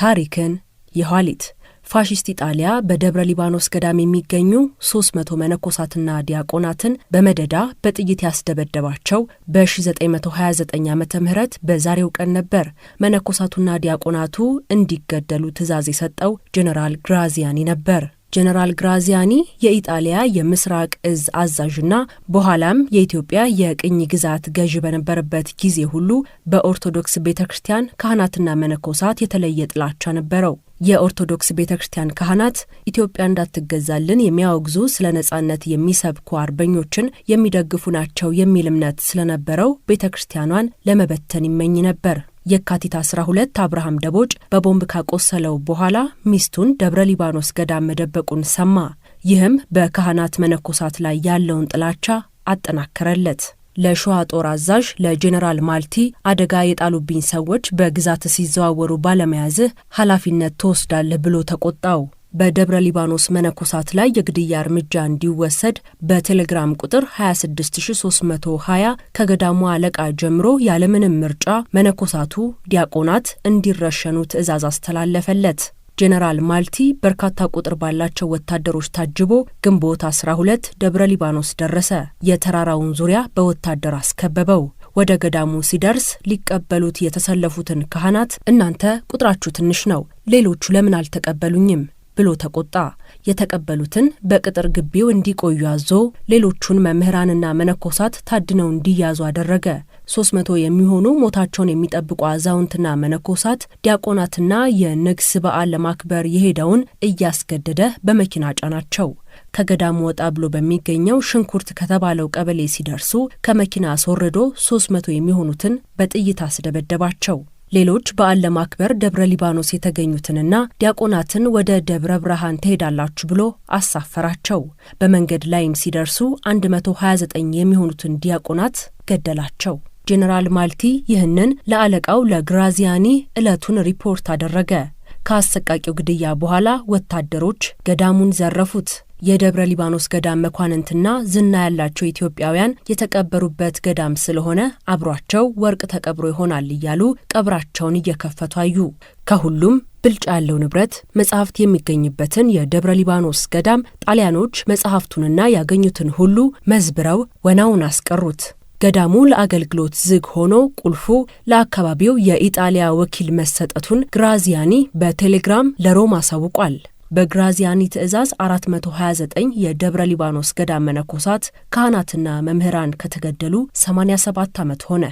ታሪክን የኋሊት ፋሽስት ኢጣሊያ በደብረ ሊባኖስ ገዳም የሚገኙ 300 መነኮሳትና ዲያቆናትን በመደዳ በጥይት ያስደበደባቸው በ1929 ዓ ም በዛሬው ቀን ነበር። መነኮሳቱና ዲያቆናቱ እንዲገደሉ ትዕዛዝ የሰጠው ጄኔራል ግራዚያኒ ነበር። ጀነራል ግራዚያኒ የኢጣሊያ የምስራቅ እዝ አዛዥና በኋላም የኢትዮጵያ የቅኝ ግዛት ገዢ በነበረበት ጊዜ ሁሉ በኦርቶዶክስ ቤተ ክርስቲያን ካህናትና መነኮሳት የተለየ ጥላቻ ነበረው። የኦርቶዶክስ ቤተ ክርስቲያን ካህናት ኢትዮጵያ እንዳትገዛልን የሚያወግዙ ስለ ነጻነት የሚሰብኩ አርበኞችን የሚደግፉ ናቸው የሚል እምነት ስለነበረው ቤተ ክርስቲያኗን ለመበተን ይመኝ ነበር። የካቲት 12 አብርሃም ደቦጭ በቦምብ ካቆሰለው በኋላ ሚስቱን ደብረ ሊባኖስ ገዳም መደበቁን ሰማ። ይህም በካህናት መነኮሳት ላይ ያለውን ጥላቻ አጠናከረለት። ለሸዋ ጦር አዛዥ ለጄኔራል ማልቲ አደጋ የጣሉብኝ ሰዎች በግዛት ሲዘዋወሩ ባለመያዝህ ኃላፊነት ትወስዳለህ ብሎ ተቆጣው። በደብረ ሊባኖስ መነኮሳት ላይ የግድያ እርምጃ እንዲወሰድ በቴሌግራም ቁጥር 26320 ከገዳሙ አለቃ ጀምሮ ያለምንም ምርጫ መነኮሳቱ ዲያቆናት እንዲረሸኑ ትዕዛዝ አስተላለፈለት። ጄኔራል ማልቲ በርካታ ቁጥር ባላቸው ወታደሮች ታጅቦ ግንቦት 12 ደብረ ሊባኖስ ደረሰ። የተራራውን ዙሪያ በወታደር አስከበበው። ወደ ገዳሙ ሲደርስ ሊቀበሉት የተሰለፉትን ካህናት እናንተ ቁጥራችሁ ትንሽ ነው፣ ሌሎቹ ለምን አልተቀበሉኝም? ብሎ ተቆጣ። የተቀበሉትን በቅጥር ግቢው እንዲቆዩ አዞ ሌሎቹን መምህራንና መነኮሳት ታድነው እንዲያዙ አደረገ። ሶስት መቶ የሚሆኑ ሞታቸውን የሚጠብቁ አዛውንትና መነኮሳት ዲያቆናትና የንግስ በዓል ለማክበር የሄደውን እያስገደደ በመኪና ጫናቸው። ከገዳሙ ወጣ ብሎ በሚገኘው ሽንኩርት ከተባለው ቀበሌ ሲደርሱ ከመኪና አስወርዶ ሶስት መቶ የሚሆኑትን በጥይት አስደበደባቸው። ሌሎች በዓል ለማክበር ደብረ ሊባኖስ የተገኙትንና ዲያቆናትን ወደ ደብረ ብርሃን ትሄዳላችሁ ብሎ አሳፈራቸው። በመንገድ ላይም ሲደርሱ 129 የሚሆኑትን ዲያቆናት ገደላቸው። ጄኔራል ማልቲ ይህንን ለአለቃው ለግራዚያኒ ዕለቱን ሪፖርት አደረገ። ከአሰቃቂው ግድያ በኋላ ወታደሮች ገዳሙን ዘረፉት። የደብረ ሊባኖስ ገዳም መኳንንትና ዝና ያላቸው ኢትዮጵያውያን የተቀበሩበት ገዳም ስለሆነ አብሯቸው ወርቅ ተቀብሮ ይሆናል እያሉ ቀብራቸውን እየከፈቱ አዩ። ከሁሉም ብልጫ ያለው ንብረት መጽሐፍት የሚገኝበትን የደብረ ሊባኖስ ገዳም ጣሊያኖች መጽሐፍቱንና ያገኙትን ሁሉ መዝብረው ወናውን አስቀሩት። ገዳሙ ለአገልግሎት ዝግ ሆኖ ቁልፉ ለአካባቢው የኢጣሊያ ወኪል መሰጠቱን ግራዚያኒ በቴሌግራም ለሮማ አሳውቋል። በግራዚያኒ ትዕዛዝ 429 የደብረ ሊባኖስ ገዳም መነኮሳት ካህናትና መምህራን ከተገደሉ 87 ዓመት ሆነ።